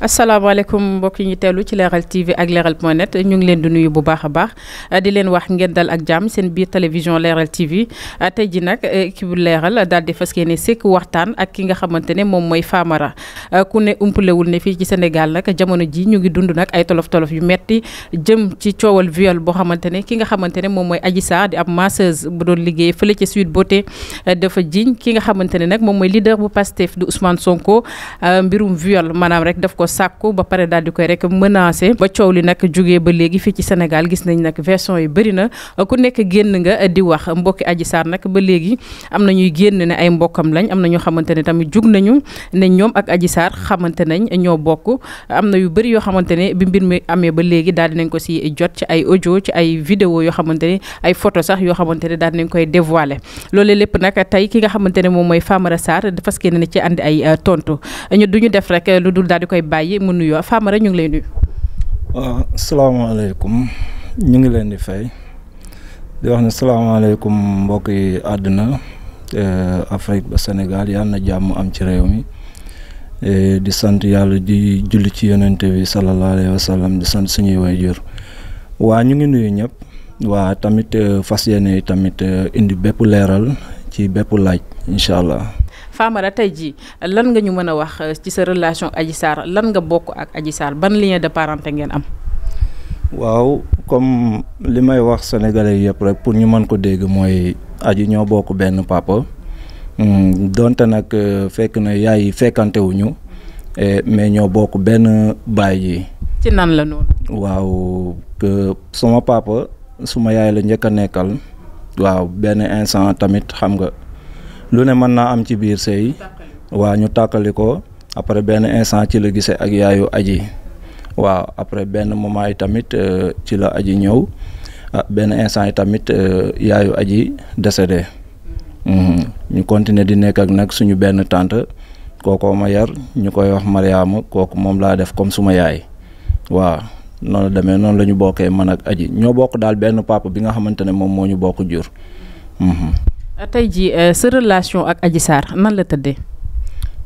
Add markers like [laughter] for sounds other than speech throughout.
asalaamaaleykum mbokk yi ñu teelu ci Leral TV ak Leral point net ñu ngi leen di nuyu bu baax a baax di leen wax ngeen dal ak jaam seen biir télévision Leral TV tey ji nag eh, ki bu Leral daal di fas yéene sekk waxtaan ak ki nga xamante ne moom mooy Famara eh, ku ne umpalewul ne fii ci Sénégal nag jamono ji ñu ngi dund nag ay tolof yu metti jëm ci coowal viol boo xamante ne ki nga xamante ne moom mooy Adji Sarr di ab masseuse bu doon liggéey fële ca Sweet Beauté eh, dafa jiñ ki nga xamante ne nag moom mooy leader bu Pastef di Ousmane Sonko mbirum viol maanaam rek daf ko sàkku ba pare daal di koy rek menacé ba coow li nag jugee ba léegi fii ci Sénégal gis nañ nag version yi bëri na nekk génn nga di wax mbokki Adji Sarr nag ba léegi am na ñu génn ne ay mbokkam lañ am na ñoo xamante ne tamit jug nañu ne ñoom ak Adji Sarr xamante nañ ñoo bokk am na yu bëri yoo xamante ne bi mbir mi amee ba léegi daal nañ ko si jot ci ay audio ci ay vidéo yoo xamante ne ay photo sax yoo xamante ne daal dinañ koy dévoiler loolu lépp a tey ki nga xamante moom mooy Famara Sarr dafa fas bàyyi mu nuyoo Famara ñu ngi lay waaw salaamaaleykum ñu ngi leen di fay di wax ne salaamaaleykum mbokk yi àdduna eh, Afrique ba Sénégal yal na jàmm am ci réew mi. Eh, di sant yàlla di julli ci yonente bi sallallahu di sant suñuy waajur waa ñu ngi nuyu ñëpp waa tamit eh, fas yéene tamit indi bépp leeral ci bépp laaj incha allah. Famara tey jii lan nga ñu mën a wax euh, ci sa relation aji Sarr lan nga bokk ak Adji Sarr ban lien de parenté ngeen am. waaw comme li may wax sénégalais yëpp rek pour ñu mën ko dégg mooy aji ñoo bokk benn papa hmm, donte nag euh, fekk na yaay yi fekkantewuñu eh, mais ñoo bokk benn baay yi. ci nan la noonu. waaw suma papa suma yaay la njëkk a nekkal waaw benn instant tamit xam nga. lu ne mën naa am ci biir sëy waa ñu tàkkali ko après benn instant ci la gisee ak yaayu aji waaw après benn moment yi tamit euh, ci la aji ñëw ah, benn instant yi tamit euh, yaayu aji décédé mhm. ñu continuer di nekk ak nag suñu benn tànt kookoo ma yar ñu koy wax Mariama kooku moom laa def comme suma yaay waaw noonu demee noonu la ñu bokkee man ak aji ñoo bokk daal benn papa bi nga xamante ne moom moo ñu bokk jur. Mhm. tey jii euh, sa relation ak Adji nan la tëdde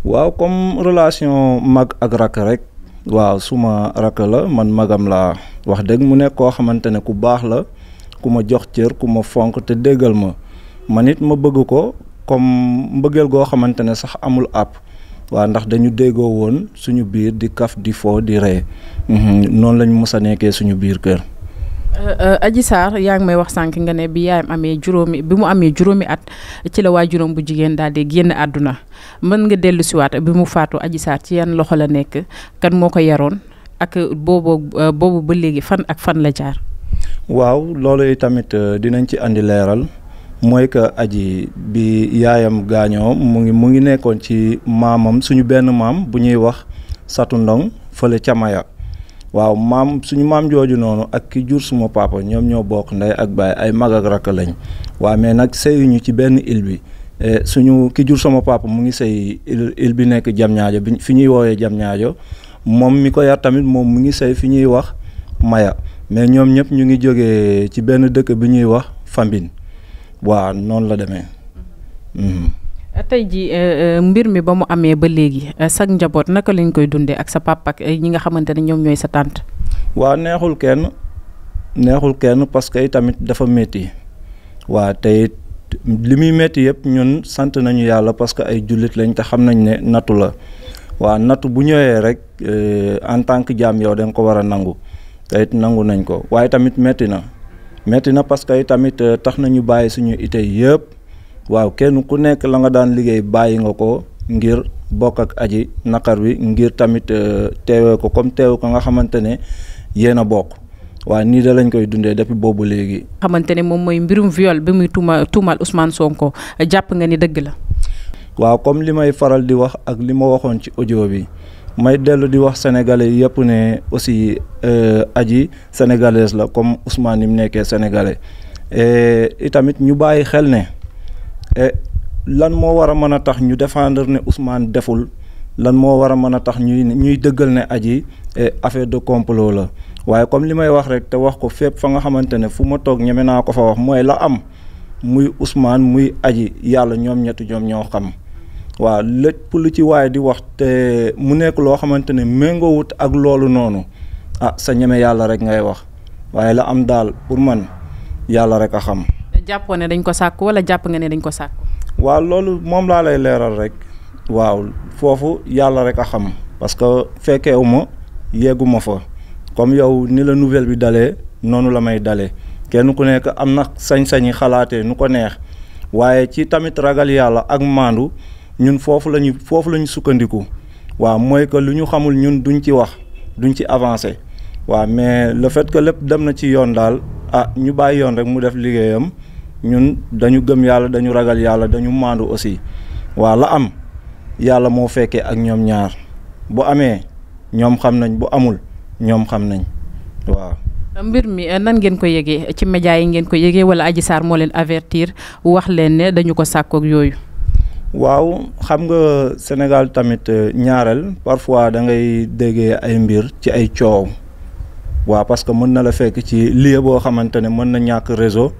waaw comme relation mag ak rakk rek waaw suma rakk la man magam laa wax dëgg mu nekk koo xamante ne ku baax la ku ma jox cër ku ma fonk te déggal ma man it ma bëgg ko comme mbëggeel goo xamante ne sax amul àpp waa ndax dañu déggoo woon suñu biir di kaf di foo di ree mhm, noonu lañu mës a nekkee suñu biir kër. Euh, euh, Adji Sarr yaa ngi may wax sànq nga ne bi yaayam amee juróomi bi mu amee juróomi at ci la waa juróom bu jigéen daal di génn àdduna mën nga dellu siwaat bi mu faatu Adji Sarr ci yan loxo la nekk kan moo ko yaroon ak boobu euh, ba léegi fan ak fan la jaar. waaw loolu tamit dinañ ci andi leeral mooy que aji bi yaayam gaañoo mu ngi mu ngi nekkoon ci maamam suñu benn maam bu ñuy wax Satu Ndong fële Camaya waaw maam suñu maam jooju noonu ak ki jur suma papa ñoom ñoo bokk ndey ak baay ay mag ak rakk lañ waa mais nag seyuñu ci benn île bi eh, suñu ki jur sama papa mu ngi sëy île bi nekk jam ñaajo bi fi ñuy woowee jam ñaajo moom mi ko yar tamit moom mu ngi sey fi ñuy wax maya mais ñoom ñëpp ñu ngi jógee ci benn dëkk bi ñuy wax Fambine waa noonu la demee hmm. tey jii euh, euh, mbir mi ba mu amee ba léegi euh, sag njaboot naka lañ koy dundee ak sa papa ak ñi nga xamante ne ñoom ñooy sa tante. waa neexul kenn neexul kenn parce que tamit dafa métti waa tey li muy métti yëpp ñun sant nañu yàlla parce que ay jullit lañ te xam nañ ne nattu la waa nattu bu ñëwee rek en tant que jaam yow danga ko war a nangu te nangu nañ ko waaye tamit métti na métti na parce que tamit tax nañu bàyyi suñu ite yëpp. waaw kenn ku nekk la nga daan liggéey bàyyi nga ko ngir bokk ak aji naqar wi ngir tamit euh, teewee ko comme teew ko nga xamante ne yéen a bokk waaw nii da lañ koy dundee depuis boobu léegi. xamante ne moom mooy mbirum viol bi muy tuuma usmaan Ousmane ko jàpp nga ni dëgg la. waaw comme li may faral di wax ak li ma waxoon ci audio bi may dellu di wax sénégalais yëpp ne aussi euh, aji sénégalaise la comme Ousmane ni mu nekkee sénégalais itamit ñu bàyyi xel ne. Eh, lan moo war a mën a tax ñu défendre ne usmaan deful lan moo war a mën a tax ñuy ñuy dëggal ne aji eh, affaire de complot la waaye comme li may wax rek te wax ko fépp fa nga xamante ne fu ma toog ñeme naa ko fa wax mooy la am muy Ousmane muy aji yàlla ñoom ñetti ñoom ñoo xam waa lépp lu ci waaye di wax te mu nekk loo xamante ne wut ak loolu noonu ah sa ñeme yàlla rek ngay wax waaye la am daal pour man yàlla rek a xam jàppoo ne dañ ko sàkk wala jàpp nga ne dañ ko sàkk. waaw loolu moom laa lay leeral rek. waaw foofu yàlla rek a xam parce que fekkeewu ma yeggu fa comme yow ni la nouvelle bi dalee noonu la may dalee kenn ku nekk am na sañ-sañi xalaatee nu ko neex waaye ci tamit ragal yàlla ak maandu ñun foofu lañu foofu la sukkandiku waaw mooy que lu ñu xamul ñun duñ ci wax duñ ci avancé waa mais le fait que lépp dem na ci yoon daal ah ñu bàyyi yoon rek mu def liggéeyam ñun dañu gëm yàlla dañu ragal yàlla dañu maandu aussi waa la am yàlla moo fekkee ak ñoom ñaar bu amee ñoom xam nañ bu amul ñoom xam nañ waaw. mbir mi eh, nan ngeen ko yëgee ci média yi ngeen ko yëgee wala Adji Sarr moo leen avertir wax leen ne dañu ko sàkkook yooyu. waaw xam nga Sénégal tamit eh, ñaareel parfois da ngay déggee ay mbir ci ay coow waaw parce que mën na la fekk ci lieu boo xamante ne mën na ñàkk réseau.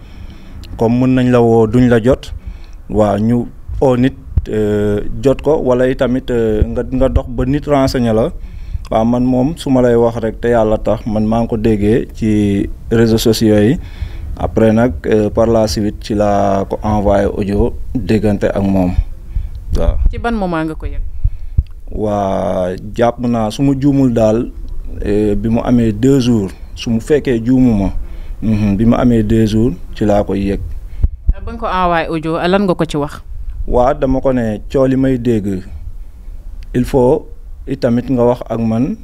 comme mën nañ la woo duñ la jot waaw ñu oo nit euh, jot ko wala tamit euh, nga nga dox ba nit renseigné la waa man moom su ma lay wax rek te yàlla tax man maa ngi ko déggee ci réseaux sociaux yi après nag euh, par la suite ci laa ko envoyé audio déggante ak moom waaw. ci ban moment nga ko yëg. waa jàpp naa su ma juumul daal bi mu amee deux jours su mu fekkee juumu ma. Mhm, bi ma amee deux jours ci laa koy ah, ko envoyé audio lan nga ko ci wax. waa dama ko ne coow li may dégg il faut itamit nga wax ak man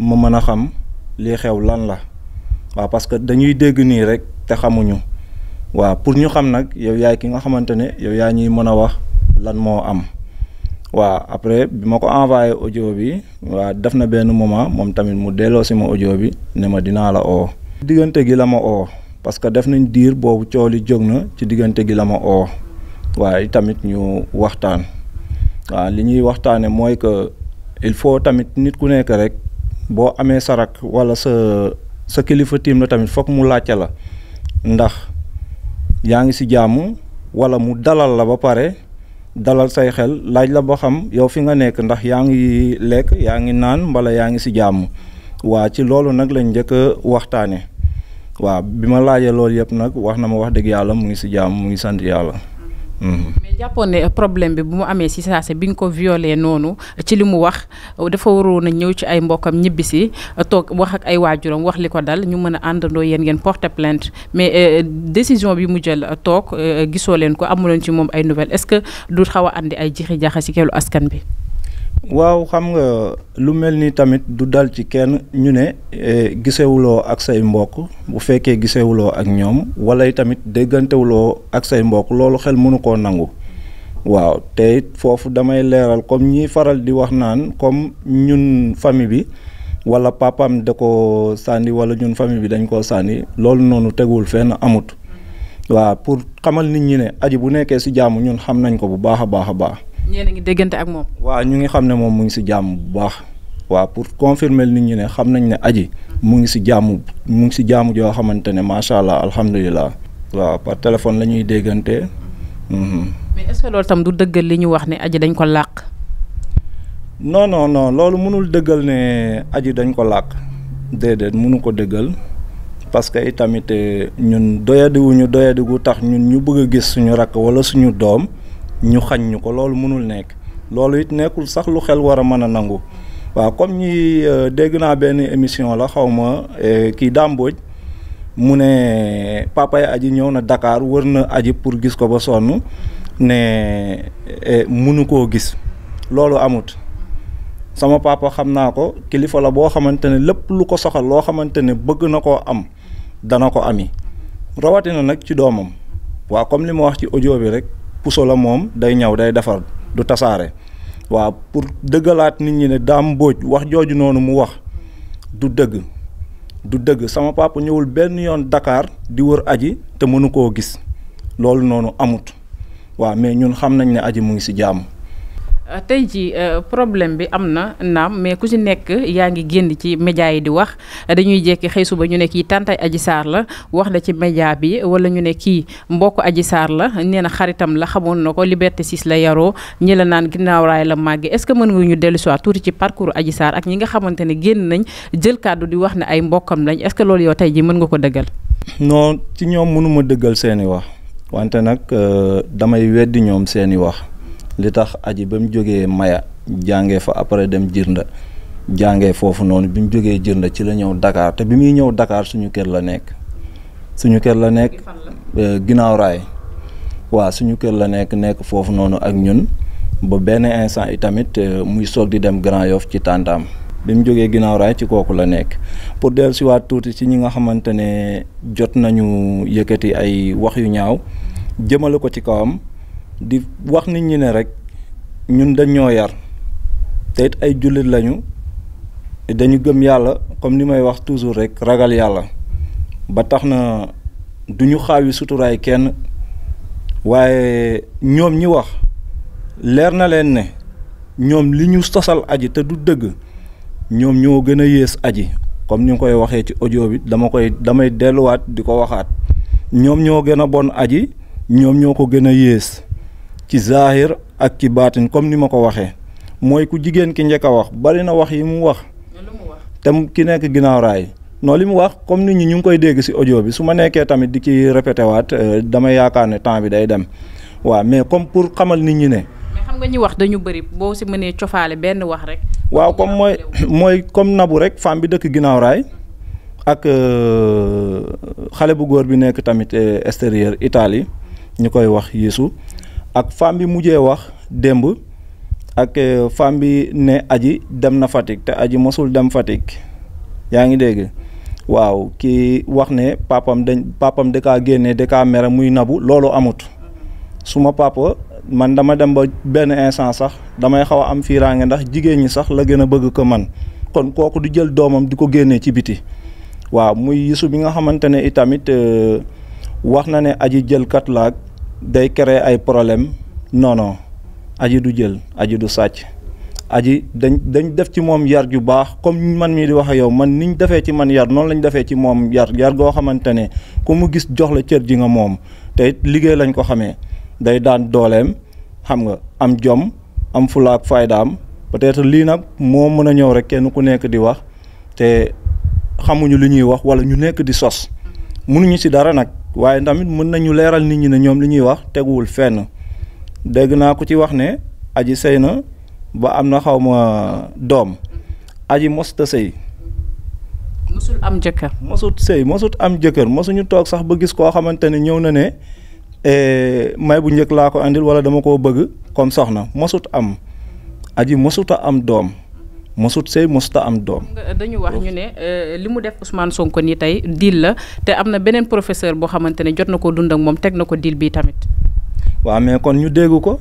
ma mën a xam li xew lan la waaw parce que dañuy dégg nii rek te xamuñu waaw pour ñu xam nag yow yaay ki nga xamante ne yow yaa ñuy mën a wax lan moo am. waaw après bi ma ko envoyé audio bi waaw def na benn moment moom tamit mu delloo si ma audio bi ne ma dinaa la oo diggante gi la ma oo parce que def nañ diir boobu coow jóg na ci diggante gi la ma oo waaye tamit ñu waxtaan waaw li ñuy waxtaane mooy que il faut tamit nit ku nekk rek boo amee sarak wala sa sa kilifa tiim la tamit foog mu laajte la ndax yaa ngi si jàmm wala mu dalal la ba pare dalal say xel laaj la ba xam yow fi nga nekk ndax yaa ngi lekk yaa ngi naan mbala yaa ngi si jàmm waa ci loolu nag lañ njëkk a waxtaanee waaw bi ma laajee loolu yëpp nag wax na ma wax dëgg yàlla mu ngi si jàmm mu ngi sant yàlla. Hmm. mais jàppoon ne problème bi bu mu amee si saase bi nga ko violé noonu ci li mu wax dafa waroon a ñëw ci ay mbokkam ñibbisi toog wax ak ay waajuram wax li ko dal ñu mën a àndandoo yéen ngeen porter plainte mais euh, décision bi mu jël euh, toog euh, gisoo leen ko amuloon ci moom ay nouvelles est-ce que du xaw a andi ay jixi jaxa si kelu askan bi. waaw xam nga lu mel ni tamit du dal ci kenn ñu ne eh, gisewuloo ak say mbokk bu fekkee gisewuloo ak ñoom wala tamit déggantewuloo ak say mbokk loolu xel mënu koo nangu waaw te it foofu damay leeral comme ñiy faral di wax naan comme ñun famille bi wala papam da ko sànni wala ñun famille bi dañ koo sànni loolu noonu teguwul fenn amut waa pour xamal nit ñi ne aji bu nekkee si jàmm ñun xam nañ ko bu baax a baax a baax a ngi déggante ak moom. waaw ñu ngi xam ne moom mu ngi si jàmm bu baax. waaw pour confirmer nit ñi ne xam nañ ne aji. mu ngi si jàmm mu ngi si jàmm joo xamante ne macha allah alhamdulilah. waaw par téléphone la ñuy déggante. Mhm. mais est loolu tam du dëggal li ñu wax ni aji dañ ko làkk non non loolu mënul dëggal ne aji dañ ko làq. déedéet mënu ko dëggal. parce que itamit eh, ñun doyadiwuñu doyadigu tax ñun ñu bëgg a gis suñu rakk wala suñu doom. ñu xañ ñu ko loolu mënul nekk loolu it nekkul sax lu xel war a mën a nangu waaw comme ñi euh, dégg naa benn émission la xaw ma euh, kii dàmbooj mu ne papay aji ñëw na Dakar wër na aji pour gis ko ba sonn ne euh, munu koo gis loolu amut sama papa xam naa ko kilifa la boo xamante ne lépp lu ko soxal loo xamante ne bëgg na koo am dana ko ami rawatina nag ci doomam waa comme li ma wax ci audio bi rek puso la moom day ñaw day defar du tasaare waaw pour dëggalaat nit ñi ne daam mbóoj wax jooju noonu mu wax du dëgg du dëgg sama papa ñëwul benn yoon dakaar di wër aji te mënu koo gis loolu noonu amut waaw mais ñun xam nañ ne aji mu ngi ci jàmm Euh, tey jii euh, problème bi am na naam mais ku si nekk yaa ngi génn ci média yi di wax dañuy jekki xëy suba ñu ne kii tantay Adji la wax na ci média bi wala ñu ne kii mbokk Adji Sarr la nee xaritam la xamoon na ko Liberté 6 la yaroo ñi la naan ginnaaw raay la màggee est ce que mën nga ñu dellu si tuuti ci parcours Adji Sarr ak ñi nga xamante ne génn nañ jël kàddu di wax ne ay mbokkam lañ est ce que loolu yow tey jii mën nga ko dëggal. non ci ñoom mënuma dëggal seeni wax wante nag euh, damay weddi ñoom seeni wax. li tax aji ba mu jógee Maya jàngee fa après dem Jirnda jàngee foofu noonu bi mu jógee Jirnda ci la ñëw Dakar te bi muy ñëw dakaar suñu kër la nekk suñu kër la nekk euh, ginnaaw raay waaw suñu kër la nekk nekk foofu noonu ak ñun ba benn instant yi tamit euh, muy soog di dem Grand Yoff ci tàntam bi mu jógee ginnaaw raay ci kooku la nekk pour dellu siwaat tuuti ci ñi nga xamante ne jot nañu yëkkati ay wax yu ñaaw jëmale ko ci kawam di wax nit ñi ne rek ñun dañoo yar te ay jullit lañu dañu gëm yàlla comme ni may wax toujours rek ragal yàlla ba tax na du ñu xaawi suturaay kenn waaye ñoom ñi wax leer na leen ne ñoom li ñu sosal aji te du dëgg ñoom ñoo gën a yées aji comme ni koy waxee ci audio bi dama koy damay delluwaat di ko waxaat ñoom ñoo gën a bon aji ñoom ñoo ko gën a yées ci zahir ak ci baatin comme ni ma ko waxee mooy ku jigéen ki njëkk a wax bari na wax yi mu wax te ki nekk ginnaaw raay non li mu wax comme nit ñi ñu ngi koy dégg si audio bi su ma nekkee tamit di ci répété waat euh, dama yaakaar ne temps bi day dem waaw mais comme pour xamal nit ñi ne. mais xam nga ñu wax dañu bëri boo si mënee cofaale benn wax rek. waaw comme mooy mooy comme nabu rek femme bi dëkk ginnaaw raay ak euh, xale bu góor bi nekk tamit euh, extérieur Italie ñu koy wax Youssou ak femme bi mujjee wax démb ak euh, femme bi ne aji dem na Fatick te aji mosul dem Fatick yaa ngi dégg waaw kii wax ne papam dañ papam dakaa génnee dakaa mere muy nabu loolu amut suma papa man dama dem ba benn instant sax damay xaw a am fiiraange ndax jigéen ñi sax la gën a bëgg ko man kon kooku du jël doomam di ko génnee ci biti waaw muy yisu bi nga xamante ne itamit euh, wax na ne aji jëlkat laak day créer ay problème noonoo non aji du jël aji du sàcc aji dañ dañ def ci moom yar ju baax comme man mii di waxee yow man ni ñu defee ci man yar noonu lañ defee ci moom yar yar goo xamante ne ku mu gis jox la cër ji nga moom te liggéey lañ ko xamee day daan dooleem xam nga am jom am fulaak faydaam peut-être lii nag moo mën a ñëw rek kenn ku nekk di wax te xamuñu li ñuy wax walla ñu nekk di sos mënuñu si dara nag waaye tamit mën nañu leeral nit ñi ne ñoom li ñuy wax teguwul fenn dégg naa ku ci wax ne aji sëy na ba am na xawma ma doom aji mosta sëy mosul am jëkkër mosut sëy mosut am jëkkër mosuñu toog sax ba gis koo xamante ne ñëw na ne eh, may bu njëkk laa ko indil wala dama koo bëgg comme soxna mosut am aji mosuta am doom mosut sëy mosuta am doom. Euh, dañu wax ñu ne euh, li mu def Ousmane sonk nii tey deal la te am na beneen professeur boo xamante ne jot na ko dund ak moom teg na ko deal bi tamit. waaw mais kon ñu dégg ko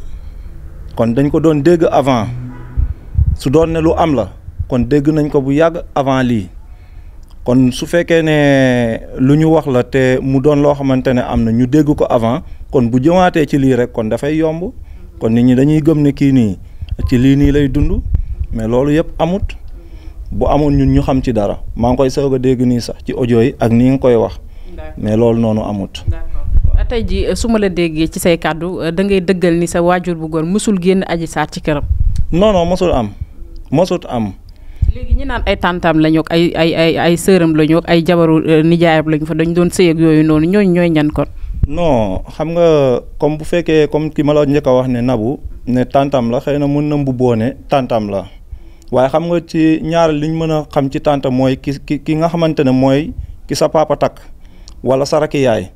kon dañ ko doon dégg avant su doon ne lu am la kon dégg nañ ko bu yàgg avant lii. kon su fekkee ne lu ñu wax la te mu doon loo xamante ne am na ñu dégg ko avant kon bu jëmaatee ci lii rek kon dafay yomb kon nit ñi dañuy gëm ne kii nii ci lii nii lay dund mais loolu yëpp amut bu amoon ñun ñu xam ci dara maa ngi koy soog a dégg nii sax ci audio yi ak nii nga koy wax mais loolu noonu amut. tey ji su ma la déggee ci say kàddu euh, da ngay dëggal ni sa waajur bu góor mësul génn aji saar ci këram. non non mësul am mësut am. léegi ñi naan ay tàntaam lañu ak ay ay ay ay sëram lañu ak ay jabaru euh, nijaayam lañu fa dañu doon sëy yooyu noonu ñooñu ñooy ñan kon. non xam nga comme bu fekkee comme ki ma la njëkk a wax ne nabu ne tàntaam xëy na mën na mbubboo ne tàntaam la. waaye xam nga ci ñaar liñ mën a xam ci tànta mooy ki ki ki nga xamante ne mooy ki sa papa takk wala sa rakk yaay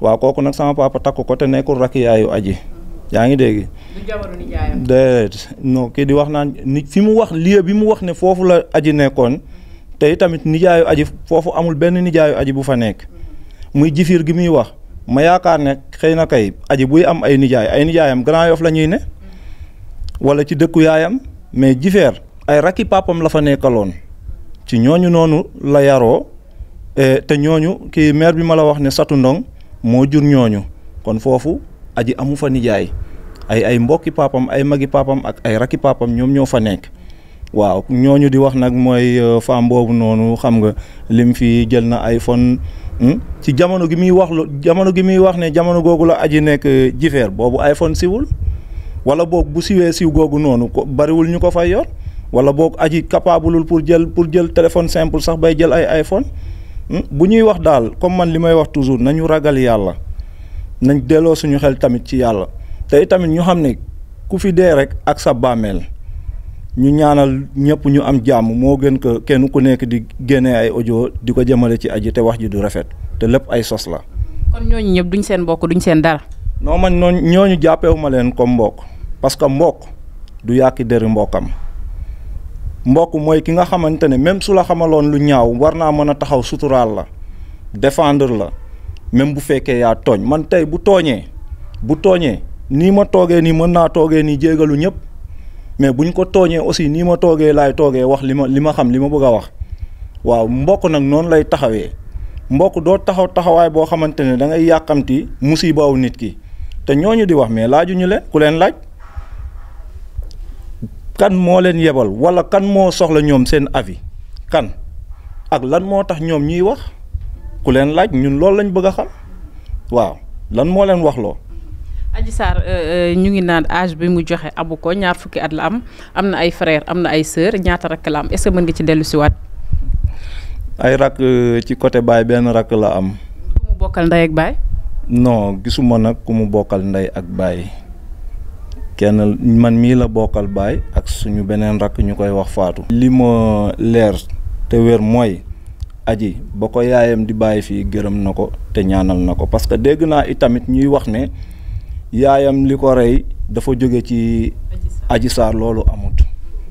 waaw kooku nag sama papa takk ko te nekkul rakk yaayu aji yaa ngi dégg. déedéet non kii di wax naan ni fi mu wax lieu bi mu wax ne foofu la aji nekkoon tey tamit nijaayu aji foofu amul benn nijaayu aji bu fa nekk muy jifiir gi muy wax ma yaakaar ne xëy na kay aji buy am ay nijaay ay nijaayam Grand Yoff la ñuy ne wala ci dëkku yaayam mais jifeer ay rakki papam la fa nekkaloon ci ñooñu noonu la yaroo e, te ñooñu ki maire bi ma la wax ne Satu Ndong moo jur ñooñu kon foofu aji amu fa nijaay ay ay mbokki papam ay magi papam ak ay rakki papam ñoom ñoo fa nekk waaw ñooñu di wax nag mooy e, femme boobu noonu xam nga lim fi jël na iPhone hmm? ci jamono gi muy wax lu jamono gi muy wax ne jamono googu la aji nekk e, jifeer boobu iPhone siwul wala boog bu siwee siw googu noonu ko bariwul ñu ko fay yor wala boo aji capableul pour jël pour jël téléphone simple sax bay jël ay iPhone hmm? bu ñuy wax daal comme man li may wax toujours nañu ragal yàlla nañ delloo suñu xel tamit ci yàlla te tamit ñu xam ne ku fi dee rek ak sa bàmmeel ñu ñaanal ñëpp ñu am jàmm moo gën ko kenn ku nekk di génnee ay audio di ko jëmale ci aji te wax ji du rafet te lépp ay sos la. kon ñooñu ñëpp duñ seen mbokk duñ seen dara. non man noonu ñooñu jàppewu ma leen comme mbokk parce que mbokk du yàq deri mbokkam. mbokk mooy ki nga xamante ne même su la xamaloon lu ñaaw war naa mën a taxaw suturaal la défendre la même bu fekkee yaa tooñ man tey bu tooñee bu tooñee nii ma toogee nii mën naa toogee nii jéegalu ñëpp mais buñ ko tooñee aussi nii ma toogee laay toogee wax li ma li ma xam li ma bëgg a wax waaw mbokk nag noonu lay taxawee mbokk doo taxaw taxawaay boo xamante ne da ngay yàqamti musibaaw nit ki te ñoo ñu di wax mais laaju ñu leen ku leen laaj kan moo leen yebal wala kan moo soxla ñoom seen avis kan ak lan moo tax ñoom ñuy wax ku leen laaj ñun loolu lañ bëgg a xam waaw lan moo leen wax loo Adji Sarr euh, euh, ñu ngi naan âge bi mu joxe abu ko ñaar fukki at la am am na ay frère am na ay sœur ñaata rakk la am est mën nga ci dellu si waat ay rakk euh, ci côté baay benn rakk la am ku mu bokkal ndey ak baay non gisuma nag ku mu bokkal ndey ak baay kenn man mii la bokkal baay ak suñu beneen rakk ñu koy wax faatu li ma leer te wér mooy aji ba ko yaayam di bàyyi fii gërëm na ko te ñaanal na ko parce que dégg naa itamit ñuy wax ne yaayam li ko rey dafa jóge ci aji saar loolu amut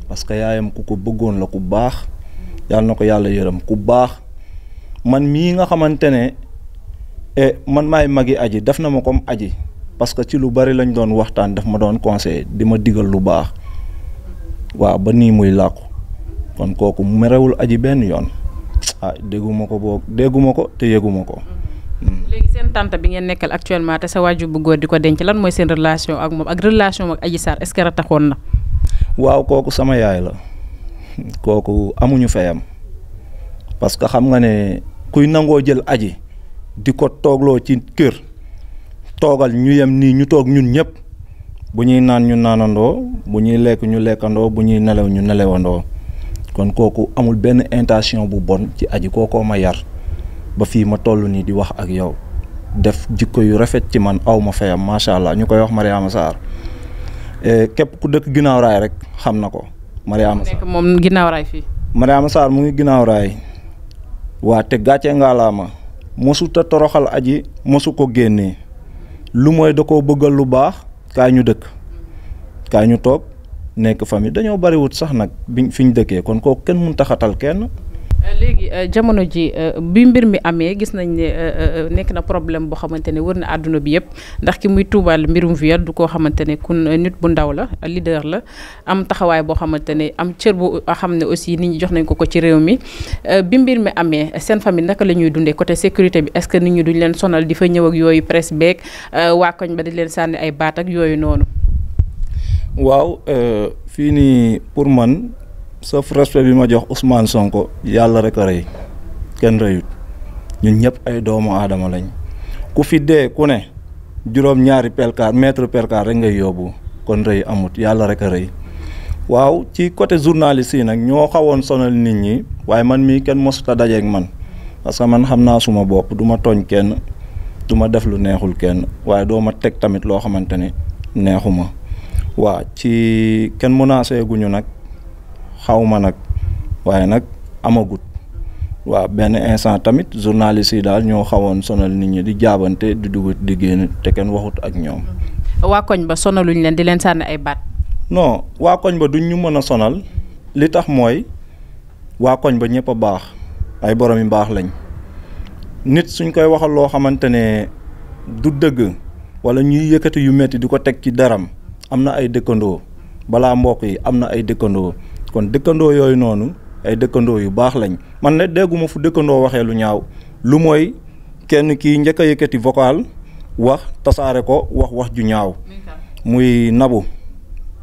parce que yaayam ku ko bëggoon la ku baax yàlla na ko yàlla yërëm ku baax man mii nga xamante ne eh, man maay magi aji def na ma kom aji parce que ci lu bari lañ doon waxtaan dafa ma doon conseillé di ma digal lu baax waaw ba nii muy làqu kon kooku merewul aji benn yoon ah dégguma ko boo dégguma ko te yëguma ko. Hmm. léegi seen tante bi ngeen nekkal actuellement te sa waajur bu góor di ko denc lan mooy seen relation ak moom ak relation ak Adji Sarr est rataxoon na. waaw kooku sama yaay la [laughs] kooku amuñu fayam parce que xam nga ne kuy nangoo jël aji di ko toogloo ci kër. toogal ñu yem nii ñu toog ñun ñëpp bu ñuy naan ñu naanandoo bu ñuy lekk ñu lekkandoo bu ñuy nelaw ñu nelawandoo kon kooku amul benn intention bu bon ci aji kookoo ma yar ba fii ma toll nii di wax ak yow def jikko yu rafet ci man aw ma fayam macha allah ñu koy wax Mariama Sarr eh, képp ku dëkk ginnaaw rek xam na ko. Mariama Sarr moom ginnaaw raay fii. Mariama Sarr mu ngi ginnaaw raay waa te gàcce ngalaama mosut toroxal aji mosu ko génnee. lu mooy da koo bëggal lu baax kaay ñu dëkk kaa ñu toog nekk famille dañoo bariwut sax nag biñ fi ñu dëkkee kon ko kenn mun taxatal kenn Euh, léegi euh, jamono ji euh, bi mbir mi amee gis nañ ne nekk na problème boo xamante ne wër na àdduna bi yëpp ndax ki muy tuubaal mbirum viol du koo xamante ne kun nit bu ndaw la lider la am taxawaay boo xamante ne am cër bu xam ne aussi nit ñi jox nañ ko ko ci réew mi bi mbir mi amee seen famille naka la ñuy dundee côté sécurité bi est-ce que nit ñi duñ leen sonal di fa ñëw ak yooyu presse beeg waa koñ ba di leen sànni ay baat ak yooyu noonu waaw fii nii pour man sauf respect bi ma jox Ousmane Sonko yàlla rek a rëy kenn rëyut ñun ñëpp ay doomu aadama lañ ku fi dee ku ne juróom ñaari pelkaar mètre pelkaar rek ngay yóbbu kon rëy amut yàlla rek a rëy waaw ci côté journaliste yi nag ñoo xawoon sonal nit ñi waaye man mii kenn mosuta dajeek man parce que man xam naa suma bopp duma tooñ kenn du ma def lu neexul kenn waaye doo ma teg tamit loo xamante ni neexuma waa ci kenn menacé guñu nag xaw ma nag waaye nag amagut waaw benn instant tamit journaliste yi daal ñoo xawoon sonal nit ñi di jaabante di dugut di génn te kenn waxut ak ñoom. waa koñ ba sonaluñ leen di leen sànni ay baat. non waa koñ ba duñ ñu mën a sonal li tax mooy waa koñ ba ñëpp baax ay borom yu baax lañ nit suñ koy waxal loo xamante ne du dëgg wala ñuy yëkkati yu metti di ko teg ci daram am na ay dëkkandoo balaa mbokk yi am na ay dëkkandoo kon dëkkandoo yooyu noonu ay dëkkandoo yu baax lañ man ne dégguma fu dëkkandoo waxee lu ñaaw lu mooy kenn kii njëkk a yëkkati vocal wax tasaare ko wax wax ju ñaaw muy nabu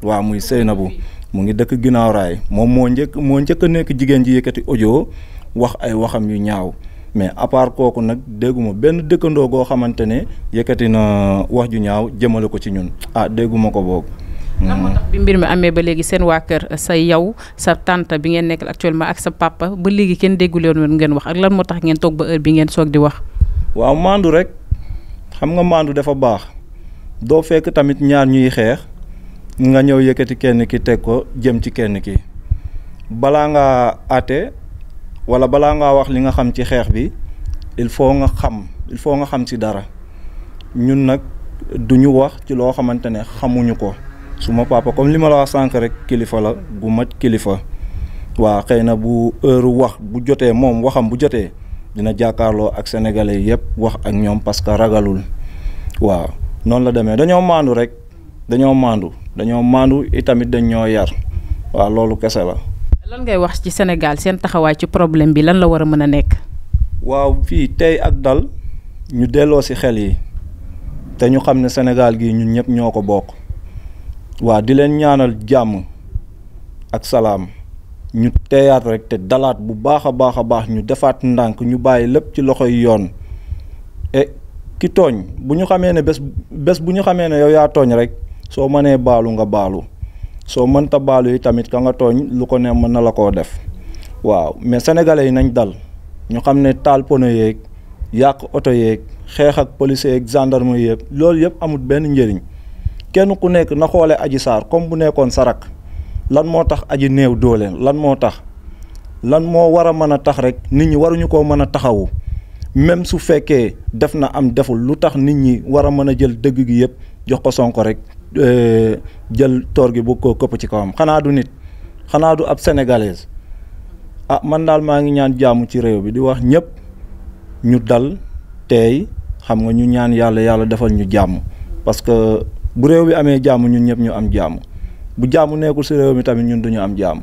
waaw muy sey Seynabou mu ngi dëkk ginnaaw moom moo njëkk moo njëkk a nekk jigéen ji yëkkati audio wax ay waxam yu ñaaw mais à part kooku nag dégguma benn dëkkandoo goo xamante ne yëkkati na wax ju ñaaw jëmale ko ci ñun ah dégguma ko boobu lan moo mhm. bi mbir mi amee ba léegi seen waa kër sa yow sa tante bi ngeen nekkal actuellement ak sa papa ba léegi kenn dégguleen woon ngeen wax ak lan moo tax ngeen toog ba heure bi ngeen soog di wax. waaw maandu rek xam nga maandu dafa baax doo fekk tamit ñaar ñuy xeex nga ñëw yëkkati kenn ki teg ko jëm ci kenn ki balaa ngaa àtte wala balaa ngaa wax li nga xam ci xeex bi il faut nga xam il faut nga xam si dara ñun nag duñu wax ci loo xamante ne xamuñu ko. su ma papa comme li ma la wax sànq rek kilifa la gu mat kilifa waa xëy na bu heure wax bu jotee moom waxam bu jotee dina jàkkaarloo ak sénégalais yëpp wax ak ñoom parce que ragalul waaw noonu la demee dañoo maandu rek dañoo maandu dañoo maandu itamit dañ ñoo yar waaw loolu kese la. lan ngay wax ci Sénégal seen taxawaay ci problème bi lan la war a mën a nekk. waaw fii tey ak dal ñu delloo si xel yi te ñu xam ne Sénégal gii ñun ñëpp ñoo ko bokk. waa di leen ñaanal jàmm ak salaam ñu teeyaat rek te dalaat bu baax a baax a baax ñu defaat ndànk ñu bàyyi lépp ci loxo loxoy yoon e, ki tooñ bu ñu xamee ne bés bu ñu xamee ne yow yaa tooñ rek soo mënee baalu nga baalu soo mënta baalu yi tamit ka nga tooñ lu ko ne mën na la koo def waaw mais sénégalais yi nañ dal ñu xam ne taal pono yeeg yàq oto yeeg xeex ak police yeeg gendarme yeeg loolu yëpp amul benn njëriñ kenn ku nekk na xoolee aji saar comme bu nekkoon sarak lan moo tax aji néew doole lan moo tax lan moo war a mën a tax rek nit ñi waruñu koo mën a taxawu même su fekkee def na am deful lu tax nit ñi war a mën a jël dëgg gi yëpp jox ko Sonko rek euh, jël toor gi bëgg koo këpp ci kawam xanaa du nit xanaa du ab sénégalaise ah man daal maa ngi ñaan jaamu ci réew bi di wax ñëpp ñu dal teey xam nga ñu ñaan yàlla yàlla defal ñu jàmm parce bu réew mi amee jàmm ñun ñëpp ñu am jàmm bu jàmm nekkul si réew mi tamit ñun duñu am jàmm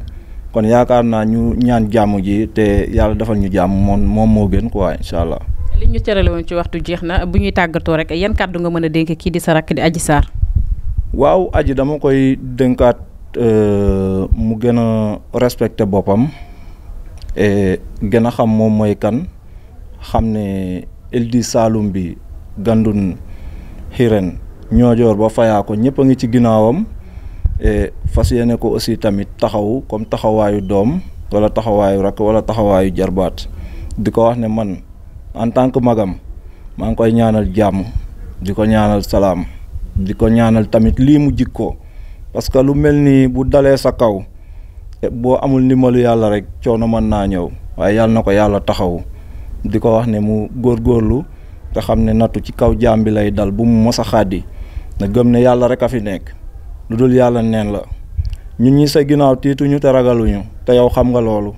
kon yaakaar naa ñu ñaan jàmm ji te yàlla defal ñu jàmm moom moom moo gën quoi incha allah. li ñu cërale woon ci waxtu jeex na bu ñuy tàggatoo rek yan kàddu nga mën a dénk kii di sa rakk di Adji Sarr. waaw Adji dama koy dénkaat euh, mu gën a respecté boppam et a xam moom mooy kan xam ne Ildi Saloum bi gandun xiren ñoojoor ba fayaa ko ñëpp a ngi ci ginnaawam e, fas yéene ko aussi tamit taxawu comme taxawaayu doom wala taxawaayu rakk wala taxawaayu jarbaat di ko wax ne man en tant que magam maa ngi koy ñaanal jàmm di ko ñaanal salaam di ko ñaanal tamit lii mu jikko parce que lu mel nii bu dalee sa kaw e, boo amul ndimbalu yàlla rek coono mën naa ñëw waaye yàlla na ko yàlla taxaw di ko wax ne mu góorgóorlu te xam ne nattu ci kaw jaam bi lay dal bu mu mos a xàddi na gëm ne yàlla rek a fi nekk lu dul yàlla neen la ñun ñi sa ginnaaw tiituñu te ragaluñu te yow xam nga loolu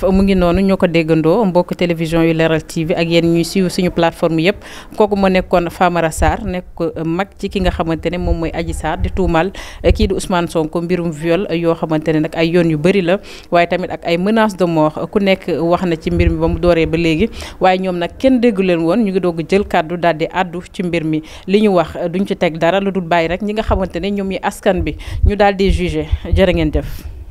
mu ngi noonu ñoo ko déggandoo mbokk télévision yu Leral TV ak yéen ñuy suivre suñu plateforme yëpp kooku ma nekkoon Famara Sarr nekk euh, mag ci ki nga xamante ne moom mooy aji Sarr di tuumal euh, kii di Ousmane Sonko mbirum viole euh, yoo xamante ne nag ay yoon yu bëri la waaye tamit ak ay menaces de mort ku nekk wax na ci mbir mi ba mu dooree ba léegi waaye ñoom nag kenn déggu leen woon ñu ngi doog jël kàddu daal di àddu ci mbir mi li ñu wax duñ ci teg dara lu dul bàyyi rek ñi nga xamante ne ñoom yi askan bi ñu daal di jugé jërë ngeen def